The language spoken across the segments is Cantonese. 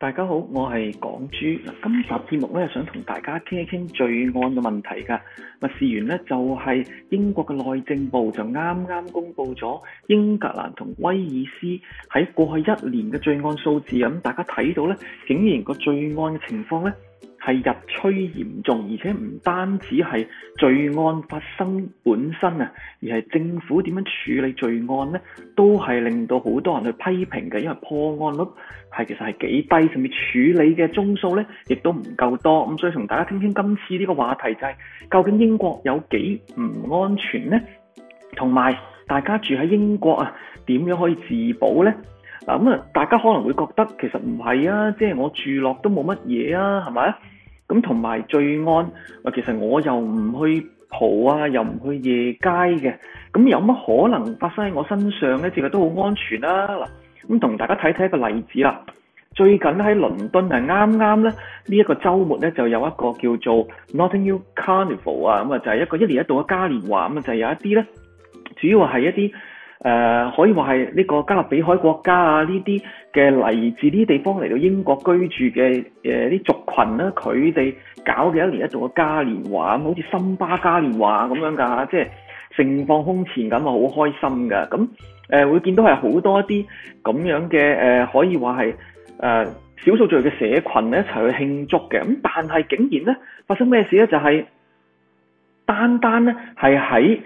大家好，我係港珠。今集節目咧，想同大家傾一傾罪案嘅問題噶。咁事源咧就係、是、英國嘅內政部就啱啱公布咗英格蘭同威爾斯喺過去一年嘅罪案數字，咁、嗯、大家睇到咧，竟然個罪案嘅情況咧。係日趨嚴重，而且唔單止係罪案發生本身啊，而係政府點樣處理罪案呢？都係令到好多人去批評嘅。因為破案率係其實係幾低，甚至處理嘅宗數呢亦都唔夠多。咁所以同大家傾一傾今次呢個話題，就係，就係究竟英國有幾唔安全呢？同埋大家住喺英國啊，點樣可以自保呢？嗱咁啊，大家可能會覺得其實唔係啊，即係我住落都冇乜嘢啊，係咪？咁同埋罪案，啊其實我又唔去蒲啊，又唔去夜街嘅，咁有乜可能發生喺我身上咧？其實都好安全啦、啊。嗱，咁同大家睇睇一個例子啦、啊。最近喺倫敦啊，啱啱咧呢一個週末咧，就有一個叫做 Notting Hill Carnival 啊，咁啊就係一個一年一度嘅嘉年華，咁啊就係、有一啲咧，主要係一啲。誒、呃、可以話係呢個加勒比海國家啊，呢啲嘅嚟自呢啲地方嚟到英國居住嘅誒啲族群，啦，佢哋搞嘅一年一做嘅嘉年華，咁好似森巴嘉年華咁樣㗎，即係盛況空前咁啊，好開心噶。咁、嗯、誒、呃、會見到係好多一啲咁樣嘅誒、呃，可以話係誒少數族裔嘅社群咧一齊去慶祝嘅。咁但係竟然咧發生咩事咧？就係、是、單單咧係喺。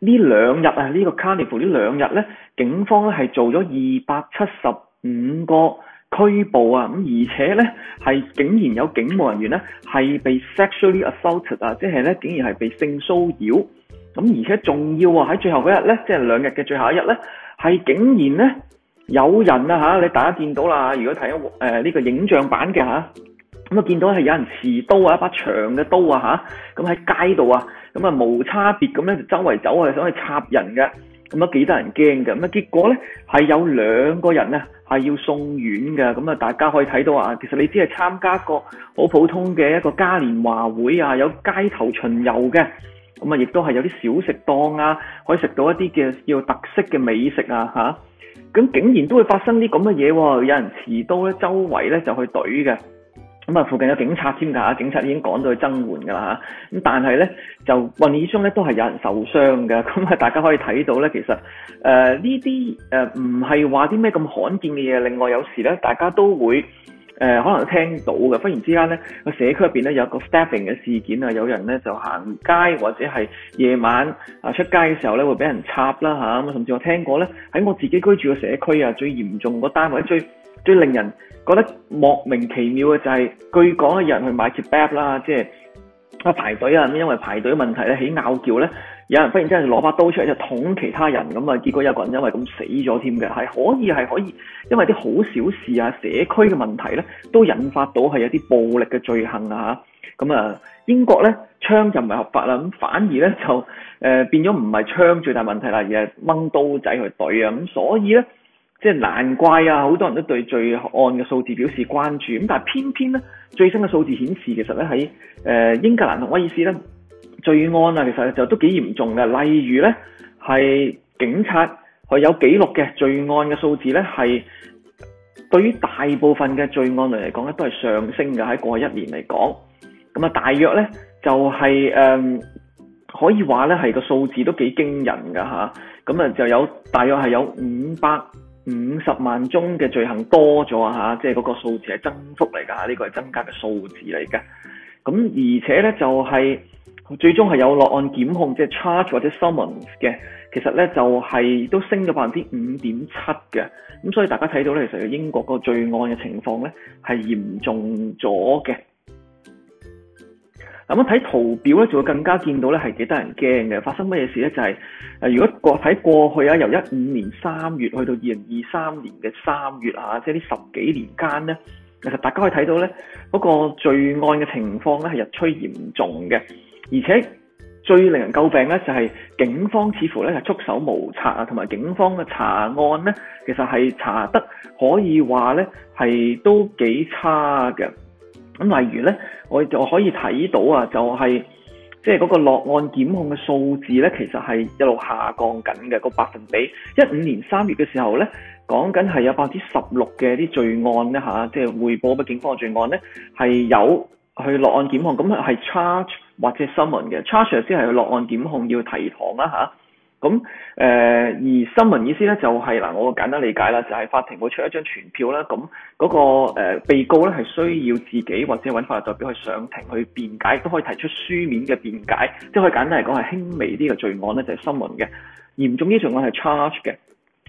呢兩日啊，呢、這個 Carnival 呢兩日呢，警方咧係做咗二百七十五個拘捕啊，咁而且呢，係竟然有警務人員呢係被 sexually assaulted 啊，即係呢，竟然係被性騷擾，咁而且仲要啊喺最後嗰日呢，即係兩日嘅最後一日呢，係、就是、竟然呢有人啊吓，你大家見到啦，如果睇誒呢個影像版嘅吓。咁啊！見到係有人持刀啊，一把長嘅刀啊嚇，咁喺街度啊，咁啊無差別咁咧，周圍走啊，想去插人嘅，咁啊幾得人驚㗎！咁啊結果咧係有兩個人咧係要送院㗎，咁啊大家可以睇到啊，其實你只係參加個好普通嘅一個嘉年華會啊，有街頭巡遊嘅，咁啊亦都係有啲小食檔啊，可以食到一啲嘅叫特色嘅美食啊嚇，咁竟然都會發生啲咁嘅嘢喎！有人持刀咧，周圍咧就去隊嘅。咁啊，附近有警察添㗎，警察已經趕到去增援㗎啦嚇。咁但係咧，就運意中咧都係有人受傷嘅。咁啊，大家可以睇到咧，其實誒呢啲誒唔係話啲咩咁罕見嘅嘢。另外有時咧，大家都會誒、呃、可能聽到嘅。忽然之間咧，社區裏面呢有一個社區入邊咧有個 stabbing 嘅事件啊，有人咧就行街或者係夜晚啊、呃、出街嘅時候咧會俾人插啦嚇。咁、啊、甚至我聽過咧喺我自己居住嘅社區啊，最嚴重個單位最最令人。覺得莫名其妙嘅就係、是，據講有人去買 kebab 啦，即係啊排隊啊，咁因為排隊嘅問題咧起拗撬咧，有人忽然之間攞把刀出嚟就捅其他人咁啊，結果有個人因為咁死咗添嘅，係可以係可以，因為啲好小事啊，社區嘅問題咧都引發到係有啲暴力嘅罪行啊嚇，咁啊英國咧槍就唔係合法啦，咁反而咧就誒、呃、變咗唔係槍最大問題啦，而係掹刀仔去懟啊，咁所以咧。即係難怪啊！好多人都對罪案嘅數字表示關注，咁但係偏偏咧最新嘅數字顯示，其實咧喺誒英格蘭同威爾斯咧罪案啊，其實就都幾嚴重嘅。例如咧係警察佢有記錄嘅罪案嘅數字咧，係對於大部分嘅罪案嚟講咧都係上升嘅，喺過去一年嚟講，咁啊大約咧就係、是、誒、呃、可以話咧係個數字都幾驚人㗎吓，咁啊就有大約係有五百五十萬宗嘅罪行多咗啊！嚇，即係嗰個數字係增幅嚟㗎，呢個係增加嘅數字嚟㗎。咁而且咧就係最終係有落案檢控，即係 charge 或者 summons 嘅。其實咧就係都升咗百分之五點七嘅。咁所以大家睇到咧，其實英國個罪案嘅情況咧係嚴重咗嘅。咁睇圖表咧，就會更加見到咧係幾得人驚嘅。發生乜嘢事咧？就係、是、誒，如果過睇過去啊，由一五年三月去到二零二三年嘅三月啊，即係呢十幾年間咧，其實大家可以睇到咧，嗰、那個罪案嘅情況咧係日趨嚴重嘅，而且最令人詬病咧就係警方似乎咧係束手無策啊，同埋警方嘅查案咧，其實係查得可以話咧係都幾差嘅。咁例如咧，我就可以睇到啊，就係即係嗰個落案檢控嘅數字咧，其實係一路下降緊嘅個百分比。一五年三月嘅時候咧，講緊係有百分之十六嘅啲罪案咧嚇，即係匯報俾警方嘅罪案咧，係有去落案檢控。咁係 charge 或者 summon 嘅 charge 先係去落案檢控要提堂啦、啊咁誒、呃，而新聞意思咧就係、是、嗱，我簡單理解啦，就係、是、法庭會出一張傳票啦，咁嗰、那個、呃、被告咧係需要自己或者揾法律代表去上庭去辯解，都可以提出書面嘅辯解，即係簡單嚟講係輕微啲嘅罪案咧就係、是、新聞嘅，嚴重啲罪案係 charge 嘅，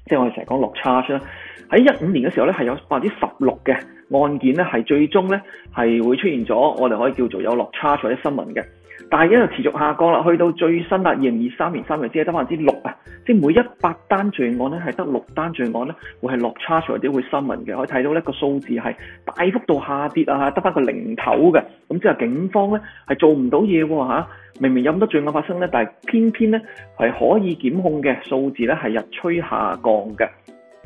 即、就、係、是、我哋成日講落 charge 啦。喺一五年嘅時候咧，係有百分之十六嘅案件咧係最終咧係會出現咗我哋可以叫做有落 charge 或者新聞嘅。但係一路持續下降啦，去到最新啦，二零二三年三月先係得百分之六啊，即係每一百單罪案咧，係得六單罪案咧，會係落差少啲，會新聞嘅，可以睇到咧個數字係大幅度下跌啊，得翻個零頭嘅，咁之後警方咧係做唔到嘢喎，明明有咁多罪案發生咧，但係偏偏咧係可以檢控嘅數字咧係日趨下降嘅。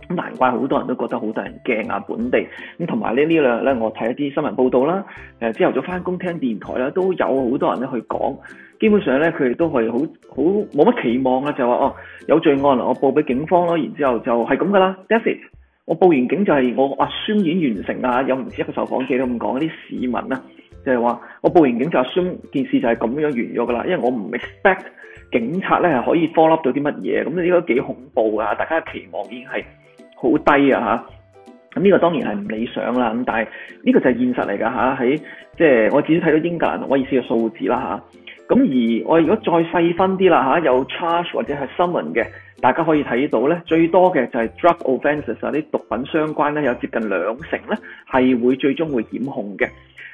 咁難怪好多人都覺得好多人驚啊！本地咁同埋呢呢兩日咧，我睇一啲新聞報道啦。誒，朝頭早翻工聽電台啦，都有好多人咧去講。基本上咧，佢哋都係好好冇乜期望啦，就話哦有罪案啦，我報俾警方咯。然之後就係咁噶啦。That's it，我報完警就係我宣演完成啦。有唔止一個受訪者都咁講，啲市民啦就係話我報完警察就宣件事就係咁樣完咗噶啦。因為我唔 expect 警察咧係可以 follow up 到啲乜嘢，咁呢個幾恐怖啊！大家嘅期望已經係～好低啊！咁、這、呢個當然係唔理想啦，咁但係呢個就係現實嚟㗎。喺即係我自己睇到英格蘭，我意思嘅數字啦，咁而我如果再細分啲啦，有 charge 或者係 summon 嘅，大家可以睇到咧，最多嘅就係 drug offences 啊，啲毒品相關咧，有接近兩成咧係會最終會檢控嘅。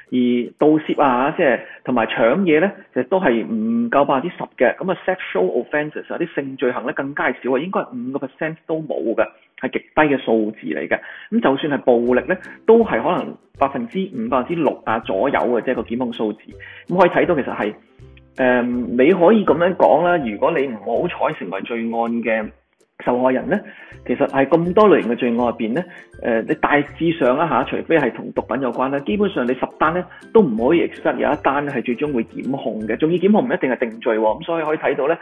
而盜竊啊，即係同埋搶嘢咧，其實都係唔夠百分之十嘅。咁啊，sexual offences 啊啲性罪行咧，更加少啊，應該係五個 percent 都冇嘅，係極低嘅數字嚟嘅。咁就算係暴力咧，都係可能百分之五、百分之六啊左右嘅，即係個檢控數字。咁可以睇到其實係誒、呃，你可以咁樣講啦。如果你唔好彩成為罪案嘅，受害人呢，其實係咁多類型嘅罪案入邊呢，誒，你大致上啊嚇，除非係同毒品有關啦，基本上你十單呢都唔可以 expect 有一單係最終會檢控嘅。仲要檢控唔一定係定罪喎，咁所以可以睇到呢，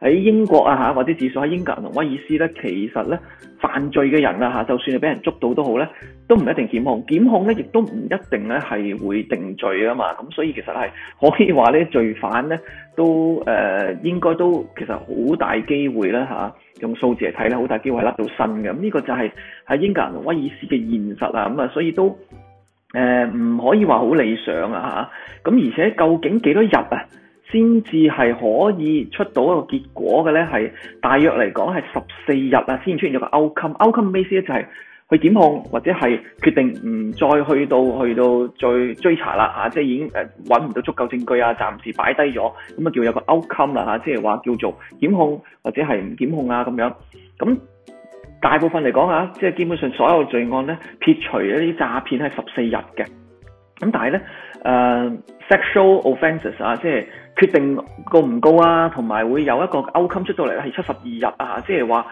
喺英國啊嚇，或者至少喺英格蘭同威爾斯呢，其實呢，犯罪嘅人啊嚇，就算係俾人捉到都好呢，都唔一定檢控。檢控呢，亦都唔一定呢係會定罪啊嘛。咁所以其實係可以話呢，罪犯呢，都誒、呃、應該都其實好大機會啦、啊用數字嚟睇咧，好大機會係甩到新嘅，咁、這、呢個就係喺英格蘭同威爾斯嘅現實啊，咁啊，所以都誒唔、呃、可以話好理想啊嚇，咁、啊、而且究竟幾多日啊，先至係可以出到一個結果嘅咧？係大約嚟講係十四日啊，先出現咗個 outcome，outcome 意思咧就係、是。去檢控或者係決定唔再去到去到再追，追查啦、啊、即係已經誒揾唔到足夠證據啊，暫時擺低咗，咁啊叫有個 outcome 啦、啊、即係話叫做檢控或者係唔檢控啊咁樣。咁大部分嚟講嚇，即係基本上所有罪案咧，撇除一啲詐騙係十四日嘅，咁但係咧、呃、sexual offences 啊，即係決定告唔告啊，同埋會有一個 outcome 出到嚟係七十二日啊，即係話。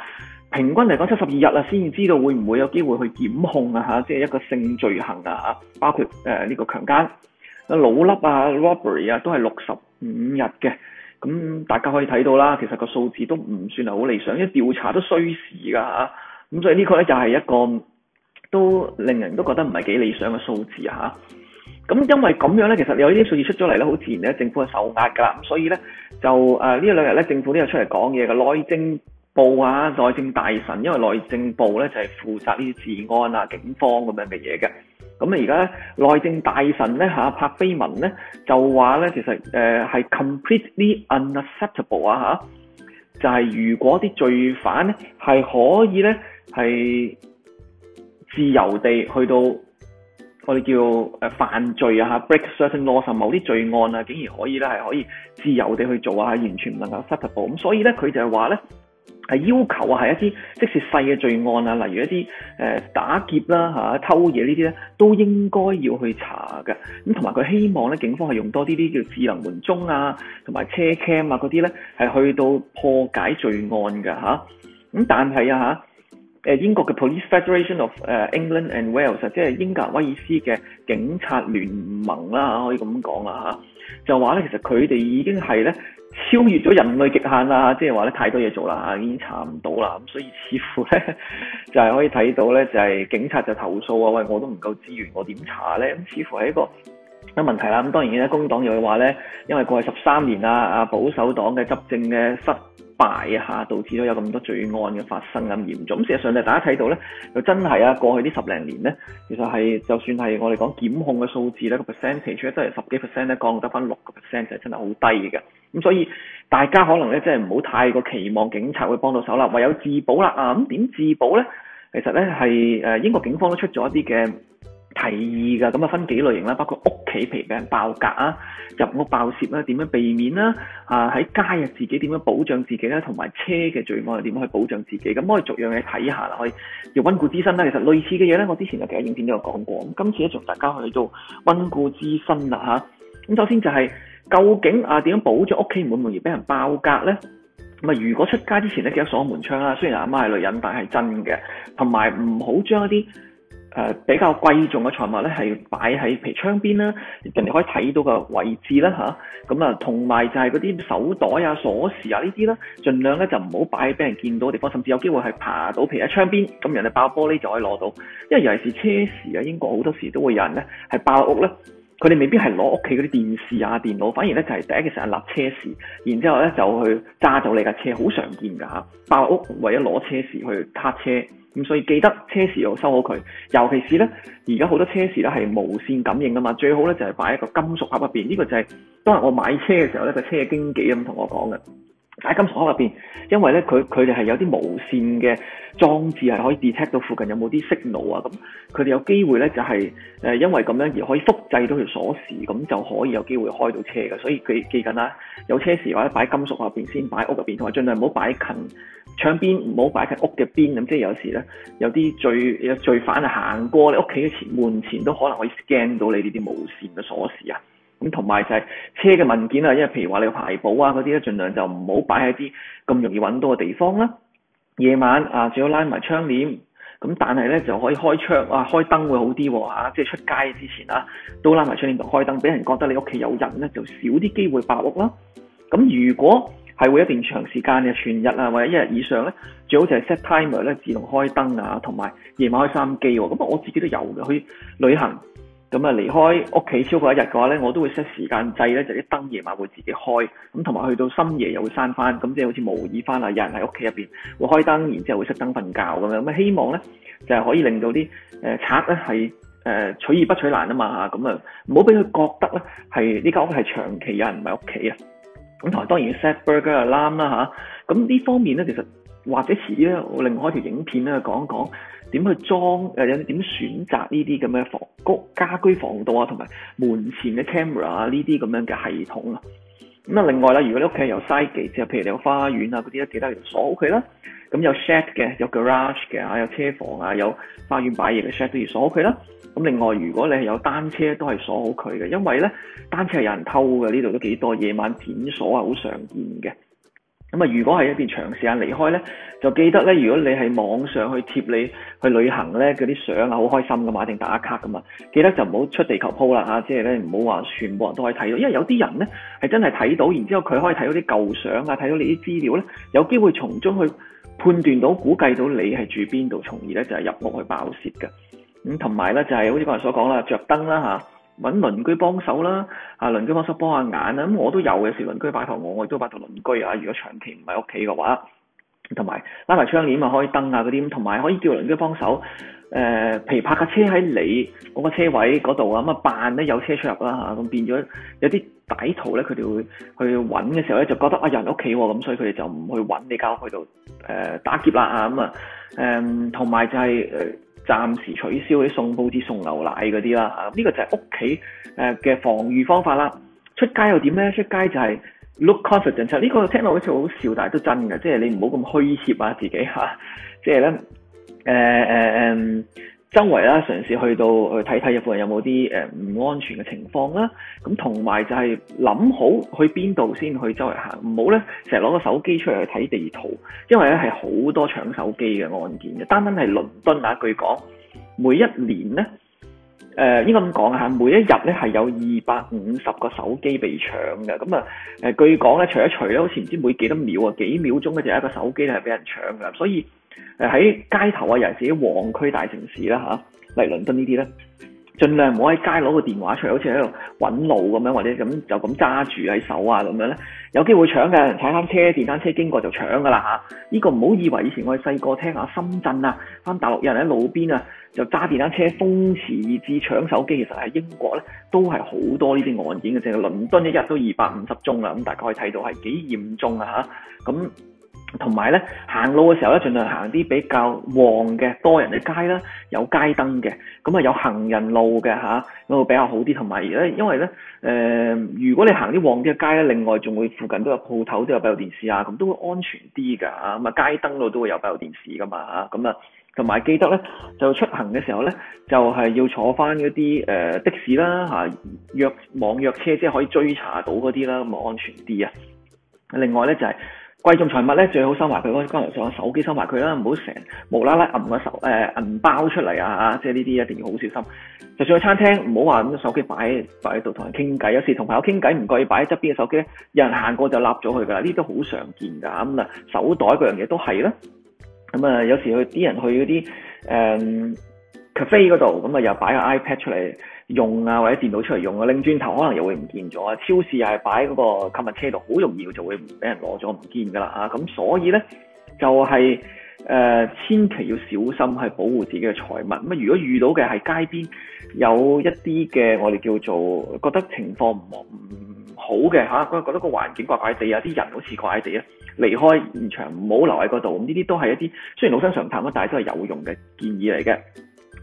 平均嚟講七十二日啦，先知道會唔會有機會去檢控啊？嚇，即係一個性罪行啊，包括誒呢個強奸、老笠啊、robbery 啊，都係六十五日嘅。咁大家可以睇到啦，其實個數字都唔算係好理想，因為調查都需時㗎嚇。咁所以呢個咧就係一個都令人都覺得唔係幾理想嘅數字嚇。咁因為咁樣咧，其實有啲數字出咗嚟咧，好自然咧，政府係受壓㗎啦。咁所以咧就誒呢兩日咧，政府都有出嚟講嘢嘅內政。部啊，內政大臣，因為內政部咧就係負責呢啲治安啊、警方咁樣嘅嘢嘅。咁啊，而家內政大臣咧嚇、啊、拍碑文咧，就話咧其實誒係、呃、completely unacceptable 啊嚇，就係、是、如果啲罪犯咧係可以咧係自由地去到我哋叫誒犯罪啊嚇 break certain laws 啊某啲罪案啊，竟然可以咧係可以自由地去做啊，完全唔能夠 acceptable，啊。咁所以咧，佢就係話咧。係要求啊，係一啲即使細嘅罪案啊，例如一啲誒打劫啦、嚇、啊、偷嘢呢啲咧，都應該要去查㗎。咁同埋佢希望咧，警方係用多啲啲叫智能門鐘啊，同埋車 cam 啊嗰啲咧，係去到破解罪案㗎吓，咁、啊、但係啊吓，誒英國嘅 Police Federation of 誒 England and Wales，即係英格威爾斯嘅警察聯盟啦、啊，可以咁講啦嚇。就話咧，其實佢哋已經係咧超越咗人類極限啦，即係話咧太多嘢做啦，已經查唔到啦。咁所以似乎咧就係可以睇到咧，就係警察就投訴啊，喂，我都唔夠資源，我點查咧？咁似乎係一個問題啦。咁當然咧，工黨又會話咧，因為過去十三年啊，啊保守黨嘅執政嘅失敗一下導致咗有咁多罪案嘅發生，咁嚴重。事實上咧，大家睇到咧，又真係啊，過去呢十零年咧，其實係就算係我哋講檢控嘅數字咧，個 percentage 咧都係十幾 percent 咧，降得翻六個 percent 就係、真係好低嘅。咁所以大家可能咧即係，唔好太過期望警察會幫到手啦，唯有自保啦啊。咁、嗯、點自保咧？其實咧係誒英國警方都出咗一啲嘅。提議㗎，咁啊分幾類型啦，包括屋企譬如俾人爆格啊，入屋爆竊啦，點樣避免啦？啊喺街入自己點樣保障自己啦，同埋車嘅罪案又點樣去保障自己，咁可以逐樣嘢睇下啦，可以要温故知新啦。其實類似嘅嘢咧，我之前就有其他影片都有講過，咁今次咧同大家去以做温故知新啦吓，咁、啊、首先就係、是、究竟啊點樣保障屋企唔會唔容易俾人爆格咧？咪如果出街之前咧記得鎖門窗啦。雖然阿媽係女人，但係真嘅，同埋唔好將一啲。誒比較貴重嘅財物咧，係擺喺譬如窗邊啦，人哋可以睇到嘅位置啦，吓，咁啊，同埋就係嗰啲手袋啊、鎖匙啊呢啲啦，儘量咧就唔好擺喺俾人見到嘅地方，甚至有機會係爬到譬如喺窗邊，咁人哋爆玻璃就可以攞到。因為尤其是車匙啊，英國好多時都會有人咧係爆屋咧。佢哋未必係攞屋企嗰啲電視啊、電腦，反而咧就係、是、第一時間立車匙，然之後咧就去揸走你架車，好常見㗎嚇，爆屋為咗攞車匙去卡車，咁所以記得車匙要收好佢，尤其是咧而家好多車匙咧係無線感應㗎嘛，最好咧就係、是、擺一個金屬盒入邊，呢、這個就係當我買車嘅時候咧個車嘅經紀咁同我講嘅。喺金屬盒入邊，因為咧佢佢哋係有啲無線嘅裝置係可以 detect 到附近有冇啲 signal 啊，咁佢哋有機會咧就係、是、誒因為咁樣而可以複製到條鎖匙，咁就可以有機會開到車嘅。所以佢記緊啦，有車時或者擺金屬入邊先擺屋裏面，擺屋入邊同埋盡量唔好擺近窗邊，唔好擺近屋嘅邊咁。即係有時咧，有啲罪罪犯啊行過你屋企嘅前門前都可能可以 scan 到你呢啲無線嘅鎖匙啊！同埋就係車嘅文件啊，因為譬如話你牌簿啊嗰啲咧，儘量就唔好擺喺啲咁容易揾到嘅地方啦。夜晚啊，最好拉埋窗簾。咁但係咧就可以開窗啊，開燈會好啲喎、啊、即係出街之前啊，都拉埋窗簾度開燈，俾人覺得你屋企有人咧，就少啲機會白屋啦。咁如果係會一段長時間嘅全日啊，或者一日以上咧，最好就係 set timer 咧自動開燈啊，同埋夜晚開收音機喎。咁啊，我自己都有嘅去旅行。咁啊，離開屋企超過一日嘅話咧，我都會 set 時間制咧，就啲燈夜晚會自己開，咁同埋去到深夜又會閂翻，咁即係好似模擬翻啦，有人喺屋企入邊會開燈，然之後會熄燈瞓覺咁樣。咁希望咧就係可以令到啲誒、呃、賊咧係誒取易不取難啊嘛嚇，咁啊唔好俾佢覺得咧係呢間屋係長期有人唔喺屋企啊。咁同埋當然 set burglar alarm 啦嚇，咁呢方面咧其實或者遲啲咧，我另外一條影片咧講講。點去裝又有點選擇呢啲咁嘅房屋家居防盜啊，同埋門前嘅 camera 啊呢啲咁樣嘅系統啊。咁啊，另外啦，如果你屋企有 side gate 即係譬如你有花園啊嗰啲，都記得要鎖屋企啦。咁有 shed 嘅，有 garage 嘅啊，有車房啊，有花園擺嘢嘅 shed 都要鎖佢啦。咁另外，如果你係有單車，都係鎖好佢嘅，因為咧單車係有人偷嘅，呢度都幾多夜晚剪鎖啊，好常見嘅。咁啊，如果係一段長時間離開咧，就記得咧，如果你係網上去貼你去旅行咧嗰啲相啊，好開心噶嘛，一定打卡噶嘛，記得就唔好出地球 po 啦啊！即係咧唔好話全部人都可以睇到，因為有啲人咧係真係睇到，然之後佢可以睇到啲舊相啊，睇到你啲資料咧，有機會從中去判斷到估計到你係住邊度，從而咧就係入屋去爆竊噶。咁同埋咧就係、是、好似啱啱所講啦，着燈啦嚇。啊揾鄰居幫手啦，啊鄰居幫手幫下眼啊，咁我都有嘅，時鄰居拜託我，我亦都拜託鄰居啊。如果長期唔喺屋企嘅話，同埋拉埋窗簾啊、開燈啊嗰啲，同埋可以叫鄰居幫手。誒、呃，譬如泊架車喺你嗰個車位嗰度啊，咁啊扮咧有車出入啦嚇，咁變咗有啲歹徒呢，佢哋會去揾嘅時候呢，就覺得啊人喺屋企喎，咁所以佢哋就唔去揾你，教佢度誒打劫啦嚇，咁啊誒，同埋就係、是暫時取消啲送報紙、送牛奶嗰啲啦，啊，呢、呢個就係屋企誒嘅防禦方法啦。出街又點咧？出街就係 look confident 呢、啊呢個聽落好似好笑，但係都真嘅，即係你唔好咁虛怯啊自己吓、啊。即係咧誒誒誒。呃呃呃周圍啦，嘗試去到去睇睇附近有冇啲誒唔安全嘅情況啦。咁同埋就係諗好去邊度先去周圍行，唔好咧成日攞個手機出嚟去睇地圖，因為咧係好多搶手機嘅案件嘅。單單係倫敦啊，據講每一年咧，誒、呃、應該咁講嚇，每一日咧係有二百五十個手機被搶嘅。咁啊誒，據講咧除一除咧，好似唔知每幾多秒啊幾秒鐘咧就有一個手機係俾人搶㗎，所以。誒，喺街頭啊，尤其是啲旺區大城市啦，吓，例如倫敦呢啲咧，盡量唔好喺街攞個電話出嚟，好似喺度搵路咁樣，或者咁就咁揸住喺手啊，咁樣咧有機會搶嘅，人踩單車、電單車經過就搶噶啦吓！呢、啊，這個唔好以為以前我哋細個聽下深圳啊，翻大陸有人喺路邊啊就揸電單車風馳而至搶手機，其實喺英國咧都係好多呢啲案件嘅，即係倫敦一日都二百五十宗啦，咁、啊、大概可以睇到係幾嚴重啊吓，咁、啊。啊同埋咧，行路嘅時候咧，儘量行啲比較旺嘅、多人嘅街啦，有街燈嘅，咁啊有行人路嘅吓，咁會比較好啲。同埋咧，因為咧，誒、呃，如果你行啲旺啲嘅街咧，另外仲會附近都有鋪頭，都有閉路電視啊，咁都會安全啲噶。咁啊，街燈度都會有閉路電視噶嘛嚇，咁啊，同埋記得咧，就出行嘅時候咧，就係、是、要坐翻嗰啲誒的士啦嚇、啊，約網約車即係、就是、可以追查到嗰啲啦，咁啊安全啲啊。另外咧就係、是。貴重財物咧，最好收埋佢咯，剛才上手機收埋佢啦，唔好成無啦啦揞個手誒銀包出嚟啊！即係呢啲一定要好小心。就算去餐廳，唔好話咁手機擺喺喺度同人傾偈，有時同朋友傾偈唔覺意擺喺側邊嘅手機咧，有人行過就揦咗佢噶啦，呢啲都好常見㗎。咁啊，手袋嗰樣嘢都係啦。咁啊，有時去啲人去嗰啲誒 cafe 嗰度，咁啊又擺個 iPad 出嚟。用啊，或者電腦出嚟用啊，拎轉頭可能又會唔見咗啊！超市又係擺嗰個購物車度，好容易就會俾人攞咗唔見㗎啦嚇。咁所以呢，就係、是、誒、呃、千祈要小心去保護自己嘅財物。咁如果遇到嘅係街邊有一啲嘅，我哋叫做覺得情況唔好嘅嚇、啊，覺得個環境怪怪地啊，啲人好似怪怪地啊，離開現場，唔好留喺嗰度。咁呢啲都係一啲雖然老生常談，但係都係有用嘅建議嚟嘅。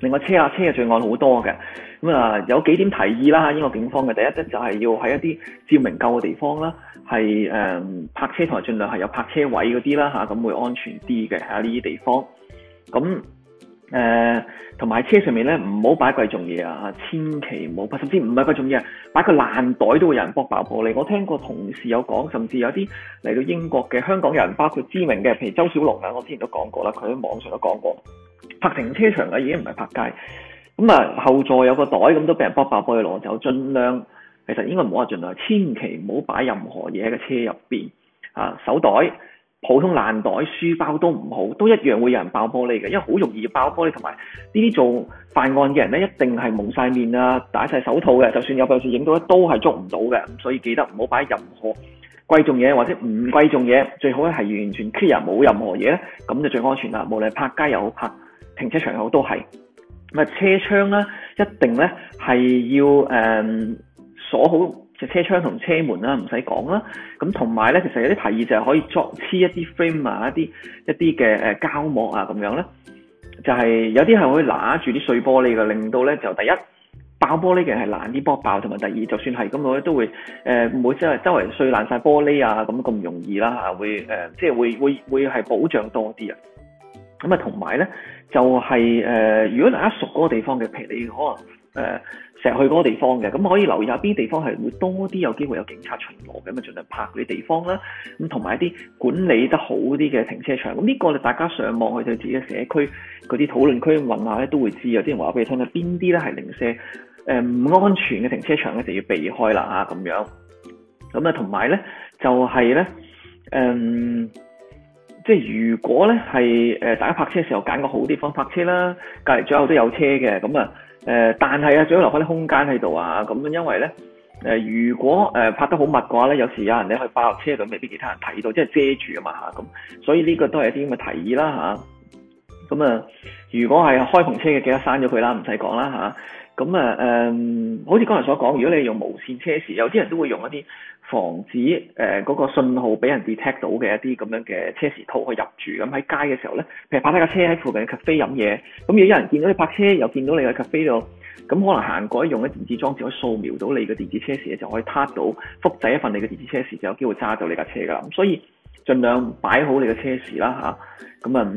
另外車啊，車嘅罪案好多嘅，咁啊有幾點提議啦，英國警方嘅第一咧就係要喺一啲照明夠嘅地方啦，係誒泊車台，儘量係有泊車位嗰啲啦嚇，咁、啊、會安全啲嘅喺呢啲地方。咁誒同埋車上面咧，唔好擺貴重嘢啊，千祈唔好，甚至唔係貴重嘢，擺個爛袋都會有人搏爆玻璃。我聽過同事有講，甚至有啲嚟到英國嘅香港人，包括知名嘅，譬如周小龍啊，我之前都講過啦，佢喺網上都講過。泊停車場嘅已經唔係泊街，咁啊後座有個袋，咁都俾人卜爆玻璃攞走，盡量其實應該唔好話盡量，千祈唔好擺任何嘢喺個車入邊啊，手袋、普通爛袋、書包都唔好，都一樣會有人爆玻璃嘅，因為好容易爆玻璃，同埋呢啲做犯案嘅人咧，一定係蒙晒面啊，戴晒手套嘅，就算有本事影到，都係捉唔到嘅，咁所以記得唔好擺任何貴重嘢或者唔貴重嘢，最好咧係完全 clear 冇任何嘢，咁就最安全啦。無論係泊街又好泊停車場口都係，咁啊車窗咧，一定咧係要誒、呃、鎖好嘅車窗同車門啦，唔使講啦。咁同埋咧，其實有啲提議就係可以作黐一啲 frame 啊，一啲一啲嘅誒膠膜啊，咁樣咧，就係、是、有啲係會攬住啲碎玻璃嘅，令到咧就第一爆玻璃嘅係難啲爆爆，同埋第二就算係咁，我咧都會誒唔、呃、會即係周圍碎爛晒玻璃啊咁咁容易啦、啊、嚇，會誒、呃、即係會會會係保障多啲啊。咁啊同埋咧。就係、是、誒、呃，如果大家熟嗰個地方嘅，譬如你可能誒成日去嗰個地方嘅，咁可以留意下邊地方係會多啲有機會有警察巡邏嘅，咁咪盡量泊嗰啲地方啦。咁同埋一啲管理得好啲嘅停車場，咁、嗯、呢、這個大家上網去對自己嘅社區嗰啲討論區問下咧，都會知有啲人話俾你聽咧，邊啲咧係零舍誒唔安全嘅停車場咧，就要避開啦嚇咁樣。咁、嗯、啊，同埋咧就係咧誒。呃即係如果咧係誒大家泊車嘅時候揀個好地方泊車啦，隔離最後都有車嘅咁啊誒，但係啊，最好留翻啲空間喺度啊咁樣，因為咧誒，如果誒泊得好密嘅話咧，有時有人咧去爆霸落車度，未必其他人睇到，即係遮住啊嘛嚇咁，所以呢個都係一啲咁嘅提議啦吓，咁啊，如果係開篷車嘅，記得刪咗佢啦，唔使講啦吓，咁啊誒，好似剛才所講，如果你用無線車時，有啲人都會用一啲。防止誒嗰、呃那個信號俾人 detect 到嘅一啲咁樣嘅車匙套去入住，咁喺街嘅時候呢，譬如泊低架車喺附近嘅 cafe 飲嘢，咁如果有人見到你泊車，又見到你嘅 cafe 度，咁可能行過用啲電子裝置可以掃描到你嘅電子車匙就可以 tap 到，複製一份你嘅電子車匙就有機會揸走你架車㗎，咁所以儘量擺好你嘅車匙啦嚇，咁啊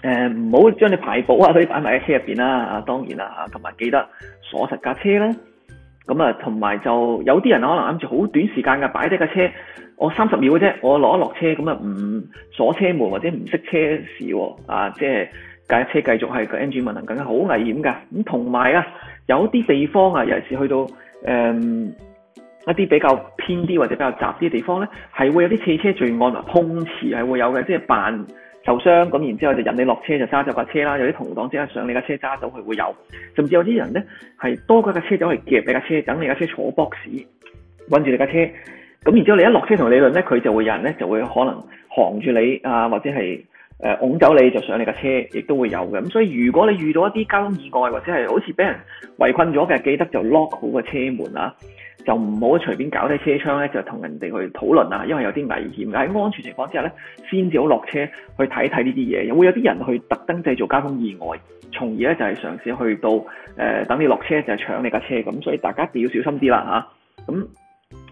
誒唔好將你排布啊嗰啲擺埋喺車入邊啦啊，當然啦嚇，同、啊、埋記得鎖實架車啦。咁啊，同埋就有啲人可能諗住好短時間嘅擺低架車，我三十秒嘅啫，我落一落車，咁啊唔鎖車門或者唔熄車匙喎、啊，啊，即係架車繼續係個 engine running 好危險噶。咁同埋啊，有啲地方啊，尤其是去到誒、嗯、一啲比較偏啲或者比較雜啲嘅地方呢，係會有啲汽車罪案啊，碰瓷係會有嘅，即係扮。受傷咁，然之後就引你落車就揸走架車啦。有啲同黨即刻上你架車揸走佢，會有。甚至有啲人呢，係多架架車走去夾你架車，等你架車坐 box，搵住你架車。咁然之後你一落車同理論呢，佢就會有人呢就會可能行住你啊，或者係。誒拱走你就上你架車，亦都會有嘅。咁所以如果你遇到一啲交通意外或者係好似俾人圍困咗嘅，記得就 lock 好個車門啊，就唔好隨便搞低車窗咧，就同人哋去討論啊，因為有啲危險嘅。喺安全情況之下咧，先至好落車去睇睇呢啲嘢。又會有啲人去特登製造交通意外，從而咧就係嘗試去到、呃、等你落車就係搶你架車。咁、就係、所以大家要小心啲啦嚇。咁、啊、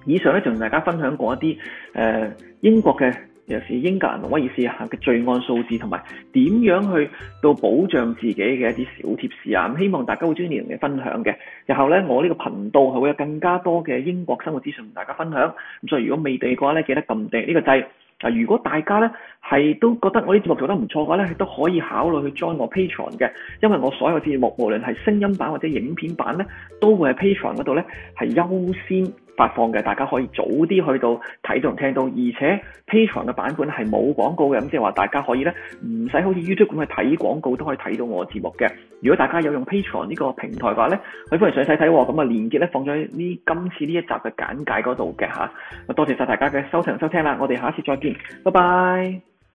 以上咧就同大家分享過一啲、呃、英國嘅。尤其英格蘭同威爾斯嘅罪案數字，同埋點樣去到保障自己嘅一啲小貼士啊！希望大家會鍾意同你分享嘅。然後呢，我呢個頻道係會有更加多嘅英國生活資訊同大家分享。咁所以如果未訂嘅話呢，記得撳訂呢個掣。啊！如果大家呢係都覺得我啲節目做得唔錯嘅話咧，都可以考慮去 join 我 Patreon 嘅。因為我所有的節目，無論係聲音版或者影片版呢，都會喺 Patreon 嗰度呢係優先發放嘅，大家可以早啲去到睇到同聽到，而且 Patreon 嘅版本咧係冇廣告嘅，咁即係話大家可以咧唔使好似 YouTube 咁去睇廣告都可以睇到我節目嘅。如果大家有用 Patreon 呢個平台嘅話咧，可以歡迎上去睇睇喎。咁啊，連結咧放咗喺呢今次呢一集嘅簡介嗰度嘅吓，多謝晒大家嘅收聽收聽啦，我哋下一次再見，拜拜。